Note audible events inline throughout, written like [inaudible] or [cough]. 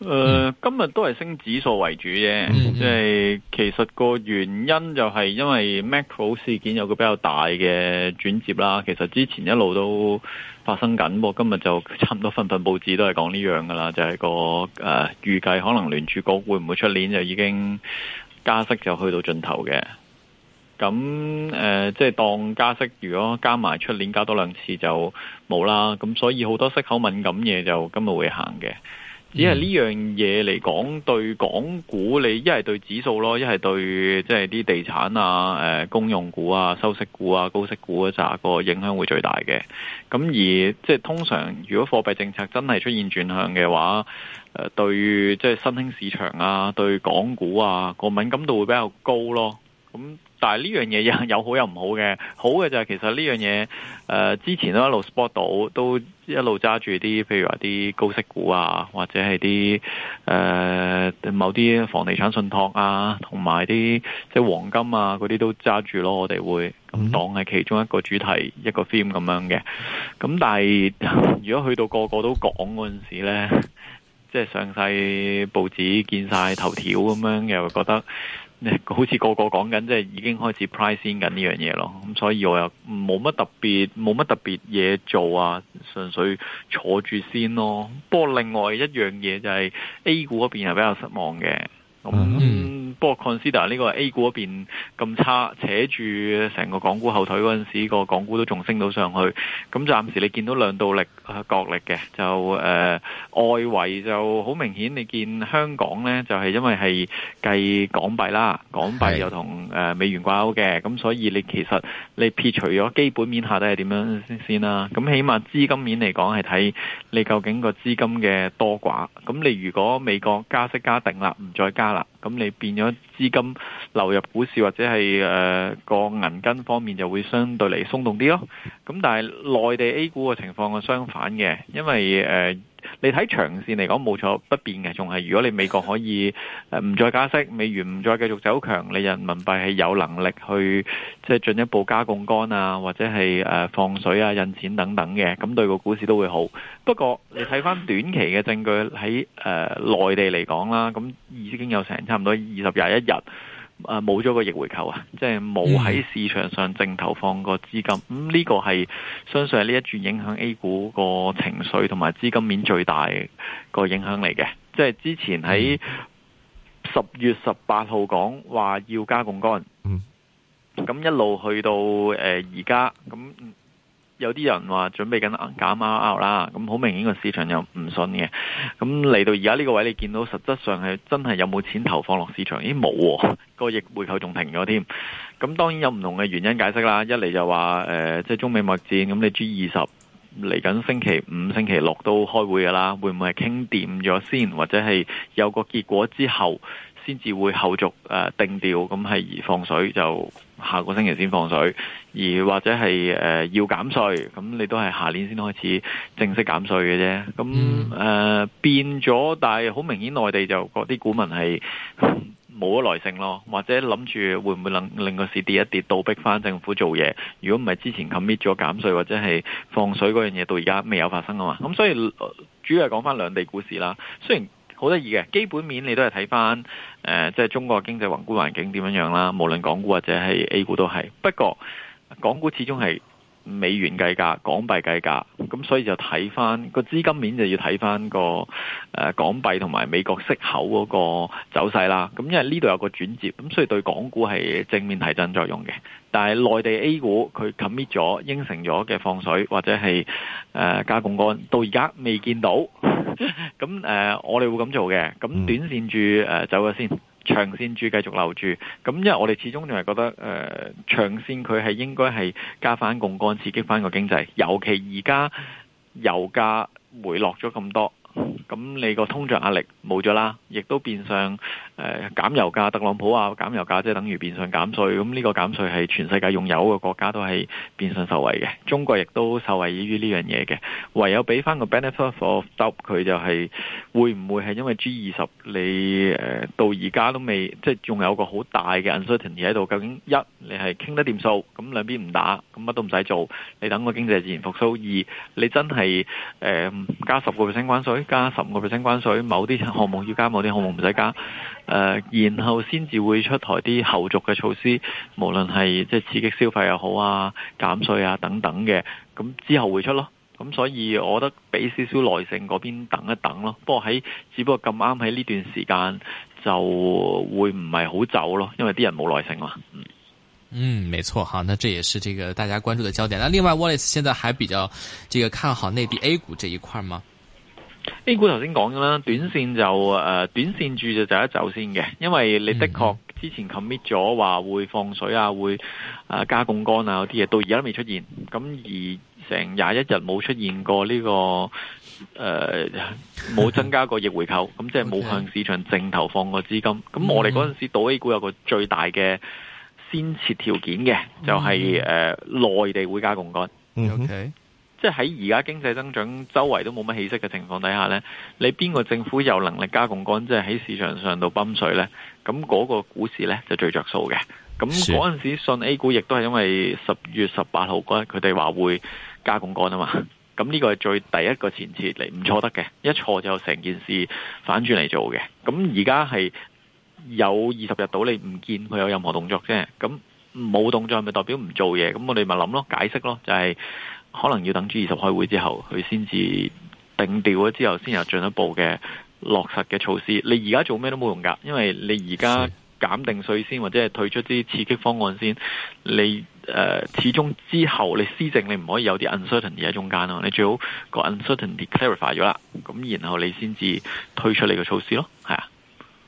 誒、呃，今日都係升指數為主嘅，即係、嗯嗯、其實個原因就係因為 macro 事件有個比較大嘅轉折啦。其實之前一路都發生緊，今日就差唔多份份報紙都係講呢樣噶啦，就係、是、個誒、呃、預計可能聯儲局會唔會出年就已經加息就去到盡頭嘅。咁誒、呃，即係當加息如果加埋出年加多兩次就冇啦。咁所以好多息口敏感嘢就今日會行嘅。只係呢樣嘢嚟講對港股，你一係對指數咯，一係對即係啲地產啊、誒公用股啊、收息股啊、高息股啊，扎、個影響會最大嘅。咁而即係通常，如果貨幣政策真係出現轉向嘅話，誒，對即係新興市場啊，對港股啊，個敏感度會比較高咯。咁。但係呢樣嘢有好有唔好嘅，好嘅就係其實呢樣嘢，誒、呃、之前都一路 support 到，都一路揸住啲，譬如話啲高息股啊，或者係啲誒某啲房地產信託啊，同埋啲即係黃金啊嗰啲都揸住咯，我哋會當係其中一個主題一個 theme 咁樣嘅。咁但係如果去到個個都講嗰陣時呢，即係上晒報紙見晒頭條咁樣，又覺得。好似個個講緊，即係已經開始 pricing 緊呢樣嘢咯，咁所以我又冇乜特別，冇乜特別嘢做啊，純粹坐住先咯。不過另外一樣嘢就係 A 股嗰邊係比較失望嘅，咁、嗯嗯。不過 consider 呢個 A 股嗰邊咁差，扯住成個港股後腿嗰陣時，個港股都仲升到上去。咁、嗯、暫時你見到兩度力、呃、角力嘅，就誒、呃、外圍就好明顯。你見香港呢，就係、是、因為係計港幣啦，港幣又同美元掛鈎嘅，咁、嗯、所以你其實你撇除咗基本面下底係點樣先啦、啊？咁、嗯、起碼資金面嚟講係睇你究竟個資金嘅多寡。咁、嗯、你如果美國加息加定啦，唔再加啦，咁你變咗。資金流入股市，或者係誒個銀根方面就會相對嚟鬆動啲咯，咁但係內地 A 股嘅情況係相反嘅，因為誒。你睇長線嚟講冇錯，不變嘅，仲係如果你美國可以唔再加息，美元唔再繼續走強，你人民幣係有能力去即係進一步加槓桿啊，或者係、呃、放水啊、印錢等等嘅，咁對個股市都會好。不過你睇翻短期嘅證據喺誒、呃、內地嚟講啦，咁已經有成差唔多二十廿一日。誒，冇咗個逆回購啊，即係冇喺市場上淨投放個資金，咁、嗯、呢、這個係相信係呢一轉影響 A 股個情緒同埋資金面最大個影響嚟嘅。即係之前喺十月十八號講話要加槓桿，嗯，咁一路去到誒而家咁。呃有啲人話準備緊降孖 out 啦，咁好明顯個市場又唔信嘅。咁嚟到而家呢個位，你見到實質上係真係有冇錢投放落市場？咦冇喎，啊這個逆回購仲停咗添。咁當然有唔同嘅原因解釋啦。一嚟就話、呃、即係中美默戰，咁你 G 二十嚟緊星期五、星期六都開會噶啦，會唔會係傾掂咗先，或者係有個結果之後先至會後續、呃、定調，咁係而放水就？下個星期先放水，而或者係誒、呃、要減稅，咁你都係下年先開始正式減稅嘅啫。咁誒、呃、變咗，但係好明顯內地就嗰啲股民係冇咗耐性咯，或者諗住會唔會能令個市跌一跌，倒逼翻政府做嘢？如果唔係之前 commit 咗減稅或者係放水嗰樣嘢，到而家未有發生啊嘛。咁所以、呃、主要係講翻兩地股市啦，雖然。好得意嘅，基本面你都係睇翻，誒、呃，即、就、係、是、中國嘅經濟宏觀環境點樣樣啦，無論港股或者係 A 股都係。不過，港股始終係。美元計價、港幣計價，咁所以就睇翻個資金面就要睇翻、那個、呃、港幣同埋美國息口嗰個走勢啦。咁因為呢度有個轉折，咁所以對港股係正面提振作用嘅。但係內地 A 股佢 commit 咗應承咗嘅放水或者係誒、呃、加槓桿，到而家未見到。咁 [laughs] 誒、呃，我哋會咁做嘅。咁短線住、呃、走咗先。長線住繼續留住，咁因為我哋始終仲係覺得，誒、呃、長線佢係應該係加翻槓桿刺激翻個經濟，尤其而家油價回落咗咁多，咁你個通脹壓力冇咗啦，亦都變相。誒、呃、減油價，特朗普啊減油價，即係等於變相減稅。咁呢個減稅係全世界用油嘅國家都係變相受惠嘅。中國亦都受惠於呢樣嘢嘅。唯有俾翻個 benefit of doubt，佢就係會唔會係因為 G 二十你誒、呃、到而家都未，即係仲有個好大嘅 uncertainty 喺度。究竟一你係傾得掂數，咁兩邊唔打，咁乜都唔使做，你等個經濟自然復甦。二你真係誒加十個 percent 關稅，加十五個 percent 關稅，某啲項目要加，某啲項目唔使加。誒，然後先至會出台啲後續嘅措施，無論係即係刺激消費又好啊，減稅啊等等嘅，咁之後會出咯。咁所以我覺得俾少少耐性，嗰邊等一等咯。不過喺只不過咁啱喺呢段時間就會唔係好走咯，因為啲人冇耐性嘛。嗯，嗯，沒錯哈，那這也是這個大家關注的焦點。那另外，Wallace 現在還比較這個看好內地 A 股這一塊嗎？A 股頭先講咗啦，短線就誒、呃，短線住就就一走先嘅，因為你的確之前 commit 咗話會放水啊，會啊加槓桿啊嗰啲嘢，到而家都未出現。咁而成廿一日冇出現過呢、這個誒，冇、呃、增加過逆回購，咁 [laughs] 即係冇向市場淨投放過資金。咁我哋嗰陣時賭、mm. A 股有個最大嘅先設條件嘅，就係、是、誒、呃、內地會加槓桿。嗯哼。即係喺而家經濟增長周圍都冇乜氣息嘅情況底下呢，你邊個政府有能力加槓桿？即係喺市場上度泵水呢？咁、那、嗰個股市呢，就最着數嘅。咁嗰陣時，信 A 股亦都係因為十月十八號嗰日佢哋話會加槓桿啊嘛。咁呢個係最第一個前設嚟，唔錯得嘅。一錯就成件事反轉嚟做嘅。咁而家係有二十日到，你唔見佢有任何動作啫。咁冇動作，係咪代表唔做嘢？咁我哋咪諗咯，解釋咯，就係、是。可能要等 G 二十開會之後，佢先至定調咗之後，先有進一步嘅落實嘅措施。你而家做咩都冇用㗎，因為你而家減定稅先，或者係退出啲刺激方案先，你誒、呃、始終之後你施政，你唔可以有啲 uncertainty 喺中間咯。你最好個 uncertainty clarify 咗啦，咁然後你先至推出你嘅措施咯，係啊。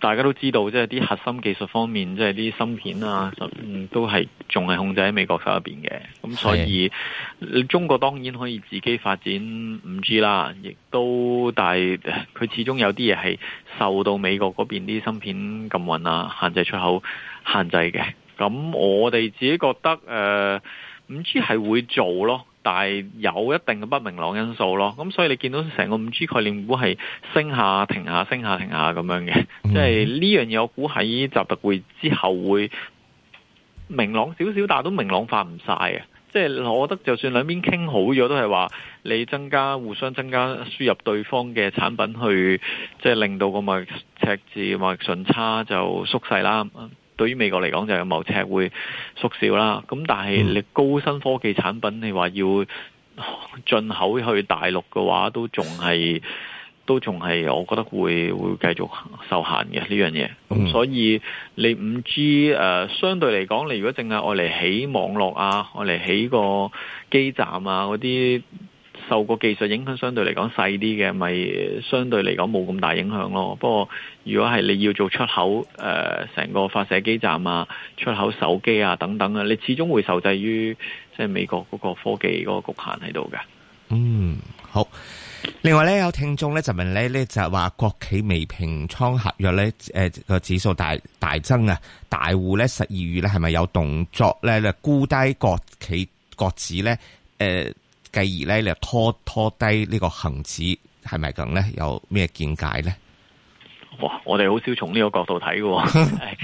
大家都知道，即係啲核心技術方面，即係啲芯片啊，嗯、都係仲係控制喺美國手入邊嘅。咁所以，的中國當然可以自己發展 5G 啦，亦都，但係佢始終有啲嘢係受到美國嗰邊啲芯片禁運啊、限制出口、限制嘅。咁我哋自己覺得，誒，5G 係會做咯。但係有一定嘅不明朗因素咯，咁所以你見到成個五 G 概念股係升下停下升下停下咁樣嘅，即係呢樣嘢我估喺習特會之後會明朗少少，但係都明朗化唔晒嘅。即係我覺得就算兩邊傾好咗，都係話你增加互相增加輸入對方嘅產品去，即係令到個貿易赤字貿易順差就縮細啦。對於美國嚟講，就係貿赤會縮小啦。咁但係你高新科技產品，你話要進口去大陸嘅話，都仲係都仲係，我覺得會會繼續受限嘅呢樣嘢。咁、嗯、所以你 5G、呃、相對嚟講，你如果淨係愛嚟起網絡啊，愛嚟起個基站啊嗰啲。受個技術影響相對嚟講細啲嘅，咪相對嚟講冇咁大影響咯。不過如果係你要做出口，誒、呃、成個發射基站啊、出口手機啊等等啊，你始終會受制於即係美國嗰個科技嗰個局限喺度嘅。嗯，好。另外咧，有聽眾咧就問咧，咧就話、是、國企未平倉合約咧，誒個指數大大增啊，大戶咧十二月咧係咪有動作咧？咧沽低國企國指咧，誒、呃。繼而咧，你拖拖低個恒指係呢個恒指係咪咁咧？有咩見解咧？哇！我哋好少從呢個角度睇喎、 [laughs] 哎。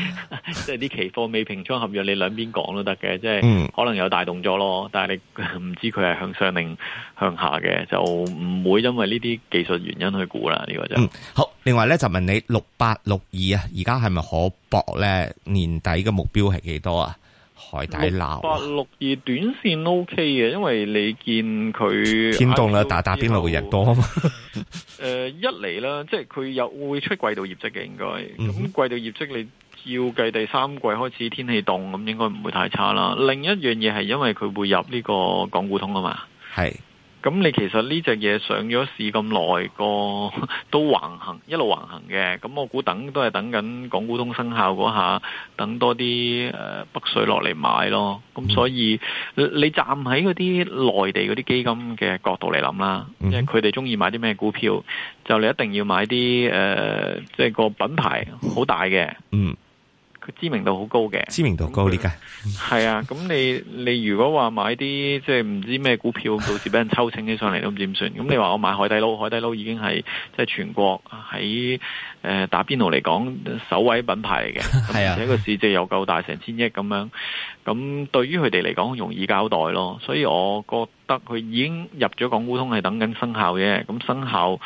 即係啲期貨未平倉合約，你兩邊講都得嘅，即係可能有大動作咯。但係你唔知佢係向上定向下嘅，就唔會因為呢啲技術原因去估啦。呢、這個就、嗯、好。另外咧就問你六八六二啊，而家係咪可搏咧？年底嘅目標係幾多啊？海底撈八六二短綫 OK 嘅，因為你見佢天凍啦，打打邊爐嘅人多啊嘛。誒、 [laughs] 呃，一嚟啦，即係佢又會出季度業績嘅，應該咁季度業績你照計第三季開始天氣凍，咁應該唔會太差啦。另一樣嘢係因為佢會入呢個港股通啊嘛，係。咁你其實呢隻嘢上咗市咁耐個都橫行，一路橫行嘅。咁我估等都係等緊港股通生效嗰下，等多啲誒、呃、北水落嚟買咯。咁所以你站喺嗰啲內地嗰啲基金嘅角度嚟諗啦，因為佢哋中意買啲咩股票，就你一定要買啲誒，即、呃、係、就是、個品牌好大嘅。嗯。知名度好高嘅，知名度高啲嘅，係他理 [laughs] 啊。咁你你如果話買啲即係唔知咩股票，到時俾人抽清起上嚟，都唔知點算？咁你話我買海底撈，海底撈已經係即係全國喺誒、呃、打邊爐嚟講首位品牌嚟嘅，係啊。而且個市值又夠大，成千億咁樣。咁對於佢哋嚟講，容易交代咯。所以我覺得佢已經入咗港股通，係等緊生效嘅。咁生效。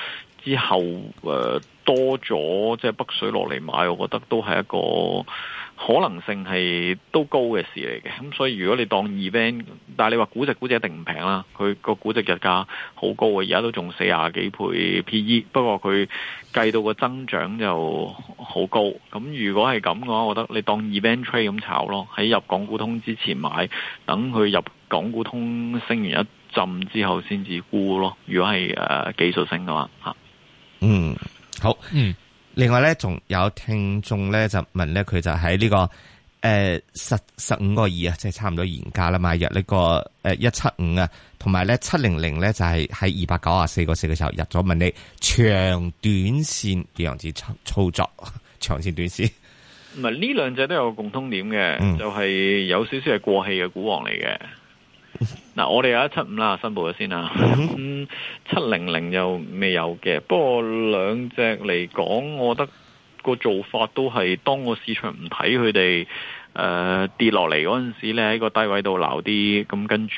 之後、呃、多咗即係北水落嚟買，我覺得都係一個可能性係都高嘅事嚟嘅。咁所以如果你當 event，但係你話估值估值一定唔平啦，佢個估值日價好高嘅，而家都仲四廿幾倍 PE。不過佢計到個增長就好高。咁如果係咁嘅話，我覺得你當 event trade 咁炒咯，喺入港股通之前買，等佢入港股通升完一浸之後先至沽咯。如果係誒、呃、技術性嘅話，嗯，好。嗯，另外咧，仲有聽眾咧、這個呃、就問咧，佢、這個呃、就喺呢個誒十十五個二啊，即係差唔多原價啦，買入呢個誒一七五啊，同埋咧七零零咧就係喺二百九十四個四嘅時候入咗，問你長短線呢樣子操操作，長線短線，唔係呢兩隻都有個共通點嘅，嗯、就係有少少係過氣嘅股王嚟嘅。嗱、 [music] 啊，我哋有一七五啦，申報咗先啦，嗯，七零零又未有嘅。不過兩隻嚟講，我覺得個做法都係當個市場唔睇佢哋誒跌落嚟嗰陣時咧，喺個低位度留啲，咁跟住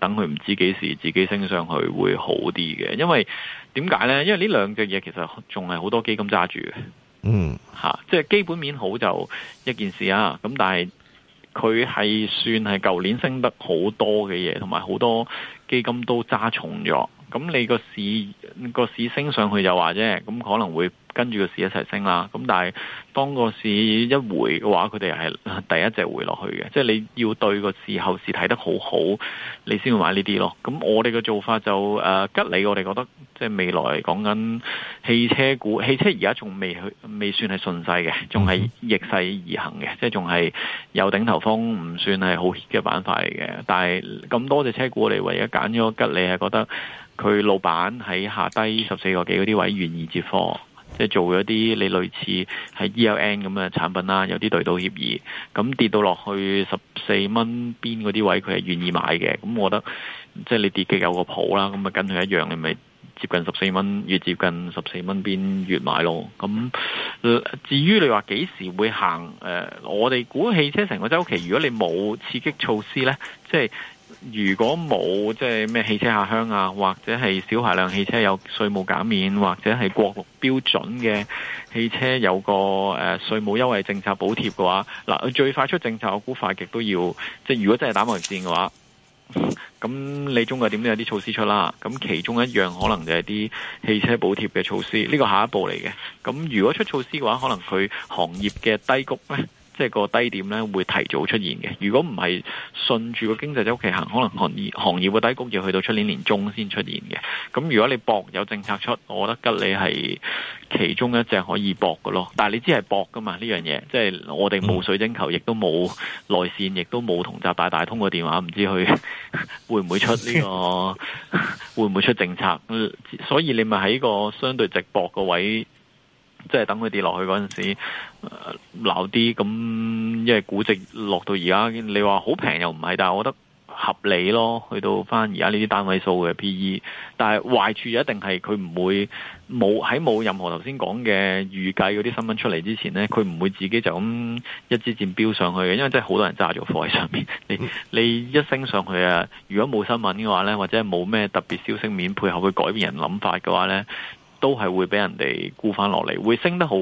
等佢唔知幾時自己升上去會好啲嘅。因為點解咧？因為呢兩隻嘢其實仲係好多基金揸住嘅，嗯，吓，啊，即係基本面好就一件事啊。咁但係。佢係算係舊年升得好多嘅嘢，同埋好多基金都揸重咗。咁你個市個市升上去，就話啫，咁可能會。跟住個市一齊升啦，咁但係當個市一回嘅話，佢哋係第一隻回落去嘅。即係你要對個市後市睇得好好，你先會買呢啲咯。咁我哋嘅做法就誒、呃、吉利，我哋覺得即係未來講緊汽車股，汽車而家仲未去，未算係順勢嘅，仲係逆勢而行嘅，即係仲係有頂頭風，唔算係好 heat 嘅板塊嘅。但係咁多隻車股，我哋唯一揀咗吉利，係覺得佢老闆喺下低十四個幾嗰啲位願意接貨。即係做咗啲你類似係 ELN 咁嘅產品啦，有啲對賭協議，咁跌到落去十四蚊邊嗰啲位置，佢係願意買嘅。咁我覺得，即係你跌嘅有個譜啦，咁咪跟佢一樣，你咪接近十四蚊，越接近十四蚊邊越買咯。咁至於你話幾時會行？誒、呃，我哋估汽車成個周期，如果你冇刺激措施呢，即係。如果冇即係咩汽車下鄉啊，或者係小排量汽車有稅務減免，或者係國六標準嘅汽車有個誒稅、呃、務優惠政策補貼嘅話，嗱最快出政策我估快極都要，即係如果真係打貿易戰嘅話，咁你中國點都有啲措施出啦。咁其中一樣可能就係啲汽車補貼嘅措施，呢、這個下一步嚟嘅。咁如果出措施嘅話，可能佢行業嘅低谷咧。即係個低點咧，會提早出現嘅。如果唔係順住個經濟周期行，可能行業行業嘅低谷要去到出年年中先出現嘅。咁如果你搏有政策出，我覺得吉利係其中一隻可以搏嘅咯。但你知係搏噶嘛？呢樣嘢即係我哋冇水晶球，亦都冇內線，亦都冇同習大大通個電話，唔知佢會唔會出呢、呢個 [laughs] 會唔會出政策。所以你咪喺個相對直博個位。即係等佢跌落去嗰陣時，鬧啲咁，因為估值落到而家，你話好平又唔係，但係我覺得合理咯，去到翻而家呢啲單位數嘅 PE，但係壞處一定係佢唔會冇喺冇任何頭先講嘅預計嗰啲新聞出嚟之前呢，佢唔會自己就咁一支箭標上去嘅，因為真係好多人揸住個貨喺上面，你你一升上去啊，如果冇新聞嘅話呢，或者冇咩特別消息面配合去改變人諗法嘅話呢。都係會俾人哋沽翻落嚟，會升得好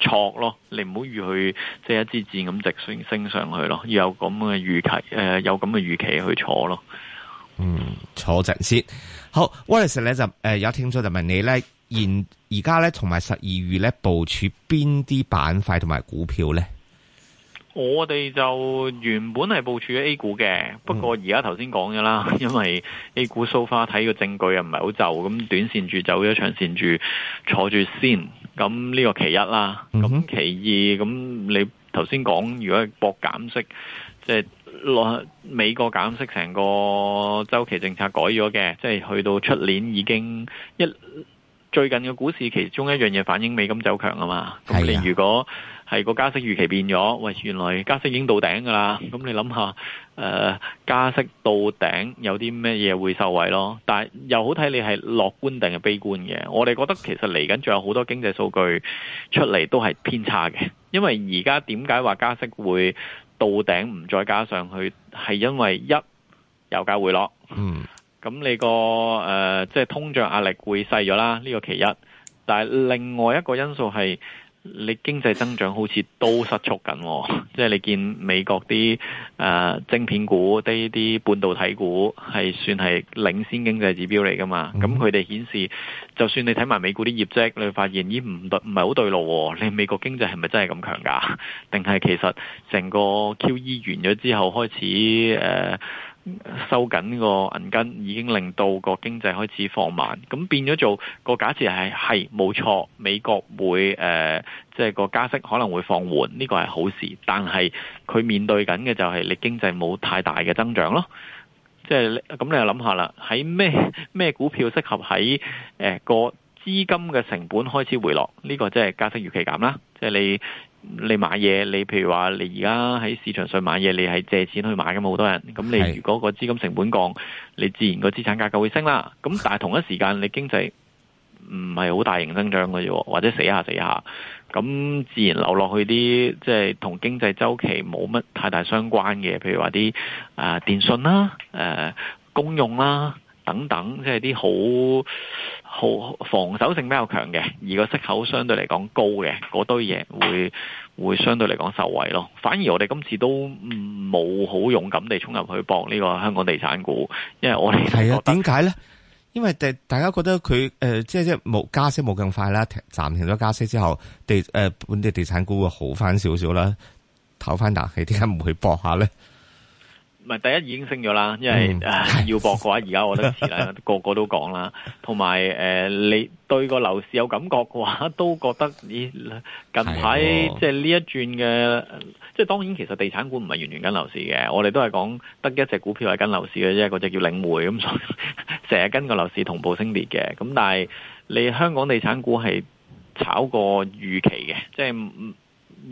挫咯。你唔好預佢即係一支箭咁直升升上去咯，呃。要有咁嘅預期，誒，有咁嘅預期去坐咯。嗯，坐陣先。好 Wallace 咧，就誒有、呃、聽咗就問你咧，而而家咧同埋十二月咧部署邊啲板塊同埋股票咧？我哋就原本係部署喺 A 股嘅，不過而家頭先講嘅啦，因為 A 股 so far 睇個證據又唔係好就，咁短線住走咗，長線住坐住先。咁呢個其一啦，咁、嗯、哼其二，咁你頭先講如果係博減息，即係落美國減息，成個週期政策改咗嘅，即、就、係、是、去到出年已經一最近嘅股市，其中一樣嘢反映美金走強啊嘛。咁你如果係個加息預期變咗，喂，原來加息已經到頂噶啦。咁你諗下，誒、呃，加息到頂有啲咩嘢會受惠咯？但係又好睇你係樂觀定係悲觀嘅。我哋覺得其實嚟緊仲有好多經濟數據出嚟都係偏差嘅，因為而家點解話加息會到頂唔再加上去，係因為一油價回落，嗯，咁你個誒即係通脹壓力會細咗啦。呢個其一，但係另外一個因素係，你經濟增長好似都失速緊，即係你見美國啲誒、呃、晶片股、呢啲半導體股係算係領先經濟指標嚟㗎嘛？咁佢哋顯示，就算你睇埋美股啲業績，你發現咦唔對，唔係好對路喎、哦。你美國經濟係咪真係咁強㗎？定係其實成個 QE 完咗之後開始誒？呃收緊個銀根已經令到個經濟開始放慢，咁變咗做個假設係係冇錯，美國會誒，即、呃、係、就是、個加息可能會放緩，呢個係好事，但係佢面對緊嘅就係你經濟冇太大嘅增長咯，即係咁你又諗下啦，喺咩咩股票適合喺誒、呃、個？資金嘅成本開始回落，呢、這個即係加息預期減啦。即、就、係、是、你你買嘢，你譬如話你而家喺市場上買嘢，你係借錢去買嘅嘛，好多人。咁你如果個資金成本降，你自然個資產價格會升啦。咁但係同一時間，你經濟唔係好大型增長嘅啫，或者死下死下。咁自然流落去啲即係同經濟周期冇乜太大相關嘅，譬如話啲啊電信啦、誒、呃、公用啦等等，即係啲好，好防守性比較強嘅，而個息口相對嚟講高嘅，嗰堆嘢會會相對嚟講受惠咯。反而我哋今次都冇好勇敢地衝入去搏呢個香港地產股，因為我哋係啊，點解咧？因為大大家覺得佢誒、呃、即係即係冇加息冇咁快啦，暫停咗加息之後，地誒、呃、本地地產股會好翻少少啦，唞翻啖氣，點解唔去搏一下咧？唔係第一已經升咗啦，因為誒 [laughs] 要博嘅話，而家我覺得遲啦，個個都講啦。同埋誒，你對個樓市有感覺嘅話，都覺得呢、欸、近排即係呢一轉嘅，即、就、係、是、當然其實地產股唔係完全跟樓市嘅，我哋都係講得一隻股票係跟樓市嘅啫，嗰、那、隻、個、叫領匯咁，所以成日跟個樓市同步升跌嘅。咁但係你香港地產股係炒過預期嘅，即、就、係、是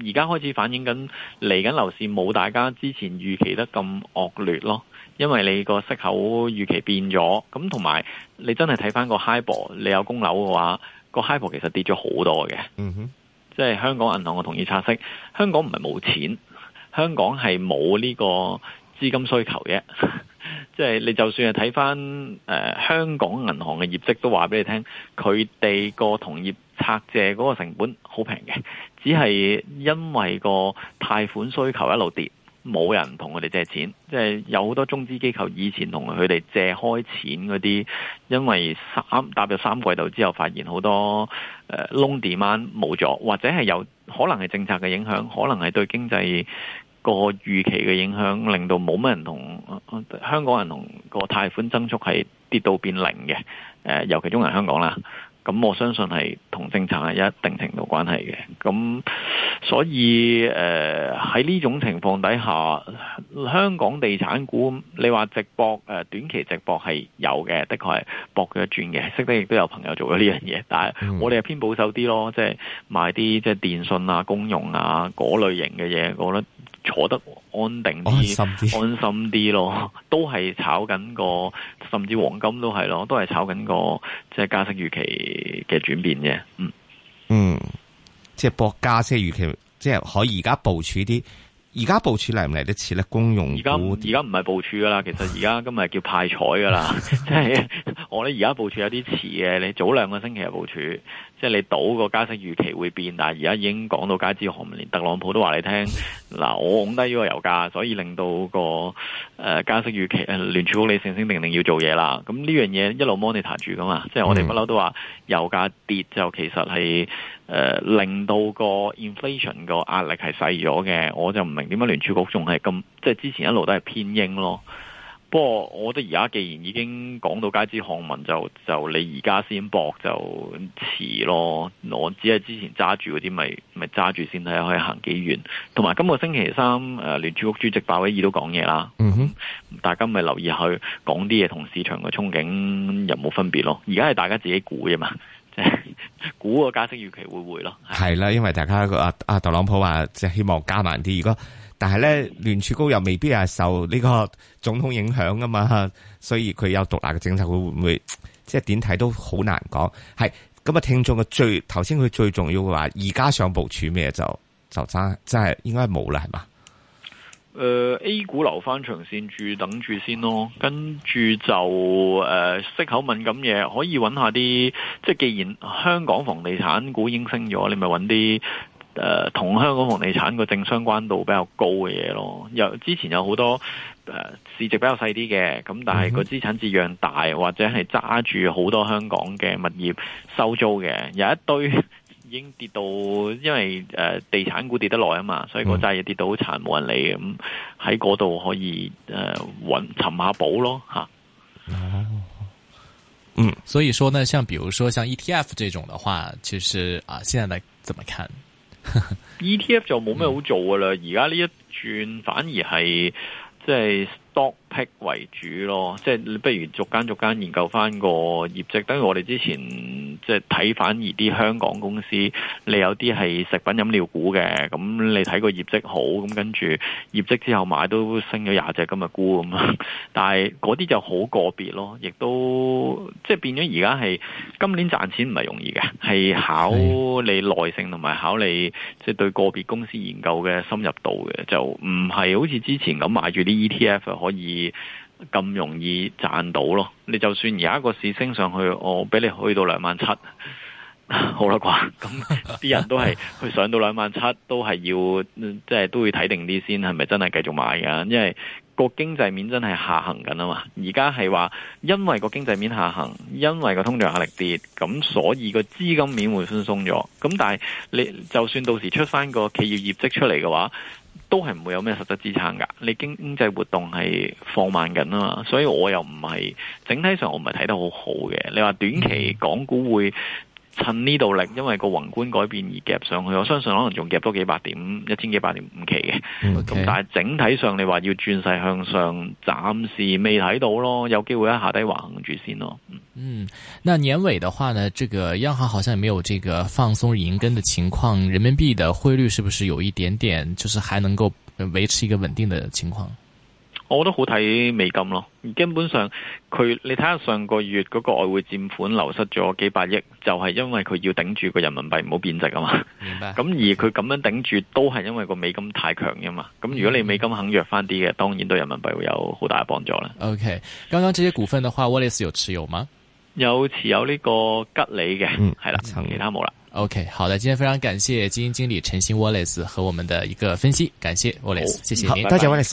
而家開始反映緊嚟緊樓市冇大家之前預期得咁惡劣咯，因為你個息口預期變咗，咁同埋你真係睇翻個 HIBOR，你有供樓嘅話，個 HIBOR 其實跌咗好多嘅。嗯、哼即係香港銀行嘅同業拆息，香港唔係冇錢，香港係冇呢個資金需求嘅。即係、就是、你就算係睇翻誒香港銀行嘅業績都，都話俾你聽，佢哋個同業拆借嗰個成本好平嘅，只係因為個貸款需求一路跌，冇人同佢哋借錢。即係有好多中資機構以前同佢哋借開錢嗰啲，因為三踏咗三季度之後，發現好多誒 loan demand 冇咗，或者係有可能係政策嘅影響，可能係對經濟個預期嘅影響，令到冇乜人同、呃、香港人同個貸款增速係跌到變零嘅。誒、呃，尤其中銀香港啦。咁我相信係同政策係一定程度關係嘅，咁所以誒喺呢種情況底下，香港地產股你話直博、呃、短期直博係有嘅，的確係博佢一轉嘅，識得亦都有朋友做咗呢樣嘢，但係我哋係偏保守啲咯，即係買啲即係電信啊、公用啊嗰類型嘅嘢，我覺得。坐得安定啲、安心啲咯，都係炒緊個，甚至黃金都係咯，都係炒緊個，即係加息預期嘅轉變啫。嗯，嗯，即係博加息預期，即係可以而家部署啲。而家部署嚟唔嚟得切咧？公用而家而家唔係部署㗎喇，其實而家今日叫派彩㗎喇，即係 [laughs] 我哋而家部署有啲遲嘅，你早兩個星期有部署，即係你賭個加息預期會變，但係而家已經講到街知巷聞，連特朗普都話你聽，嗱，我拱低呢個油價，所以令到個誒、呃、加息預期，啊、聯儲局你醒醒定定要做嘢啦。咁呢樣嘢一路 monitor 住㗎嘛，即係我哋不嬲都話油價跌就其實係。誒、呃，令到個 inflation 個壓力係細咗嘅，我就唔明點解聯儲局仲係咁，即係之前一路都係偏鷹咯。不過我覺得而家既然已經講到街知巷聞，就就你而家先搏就遲咯。我只係之前揸住嗰啲咪咪揸住先睇下可以行幾遠。同埋今個星期三誒，聯、呃、儲局主席鮑威爾都講嘢啦。嗯、哼大家咪留意佢講啲嘢同市場嘅憧憬有冇分別咯。而家係大家自己估啫嘛，即係。估個加息預期會唔會咯，係啦，因為大家阿阿特朗普話即係希望加慢啲，如果但係咧聯儲高又未必係受呢個總統影響㗎嘛，所以佢有獨立嘅政策會唔會即係點睇都好難講，係咁啊！聽眾嘅最頭先佢最重要嘅話，而家想部署咩就就真即係應該冇啦，係嘛？誒、呃、A 股留翻長線住等住先咯，跟住就誒息、呃、口敏感嘢，可以揾下啲即係既然香港房地產股已經升咗，你咪揾啲誒同香港房地產個正相關度比較高嘅嘢咯。有之前有好多誒、呃、市值比較細啲嘅，咁但係個資產折讓大或者係揸住好多香港嘅物業收租嘅，有一堆。已經跌到，因為誒、呃、地產股跌得耐啊嘛，所以個揸嘢跌到好殘，冇人理，咁喺嗰度可以誒搵、呃、尋尋下寶咯吓。啊、嗯，所以說呢，像比如說像 E T F 這種的話，其、就、實、是、啊，現在嚟怎麼看 [laughs] E T F 就冇咩好做噶啦，而家呢一轉反而係即係。就是多 pick 為主咯，即係你不如逐間逐間研究翻個業績，等於我哋之前即係睇反而啲香港公司，你有啲係食品飲料股嘅，咁你睇個業績好，咁跟住業績之後買都升咗廿隻今日估咁，但係嗰啲就好個別咯，亦都即係變咗而家係今年賺錢唔係容易嘅，係考你耐性同埋考你即係對個別公司研究嘅深入度嘅，就唔係好似之前咁買住啲 ETF。可以咁容易賺到咯？你就算而家個市升上去，我俾你去到兩萬七，好啦啩？咁啲人都係去上到兩萬七，都係要即係都會睇定啲先，係咪真係繼續買嘅？因為個經濟面真係下行緊啊嘛。而家係話，因為個經濟面下行，因為個通脹壓力跌，咁所以個資金面會寬鬆咗。咁但係你就算到時出翻個企業業績出嚟嘅話。都係唔會有咩實質支撐㗎，你經濟活動係放慢緊啊嘛，所以我又唔係整體上我唔係睇得好好嘅。你話短期港股會？趁呢度力，因為個宏觀改變而夾上去，我相信可能仲夾多幾百點，一千幾百點五期嘅。咁、嗯 okay、但係整體上，你話要轉勢向上，暫時未睇到咯，有機會喺下低橫住先咯。嗯，那年尾的話呢？這個央行好像沒有這個放鬆銀根的情況，人民幣的匯率是不是有一點點，就是還能夠維持一個穩定的情況？我覺得好睇美金咯，基本上佢你睇下上個月嗰個外匯佔款流失咗幾百億，就係、是、因為佢要頂住個人民幣唔好貶值啊嘛。明白。咁而佢咁樣頂住，都係因為個美金太強啊嘛。咁如果你美金肯弱翻啲嘅，當然對人民幣會有好大嘅幫助啦。OK，剛剛這些股份的話，Wallace 有持有嗎？有持有呢個吉利嘅，嗯，係啦，其他冇啦。OK，好嘅，今天非常感謝基金經理陳昕 Wallace 和我們的一個分析，感謝 Wallace、哦、謝謝。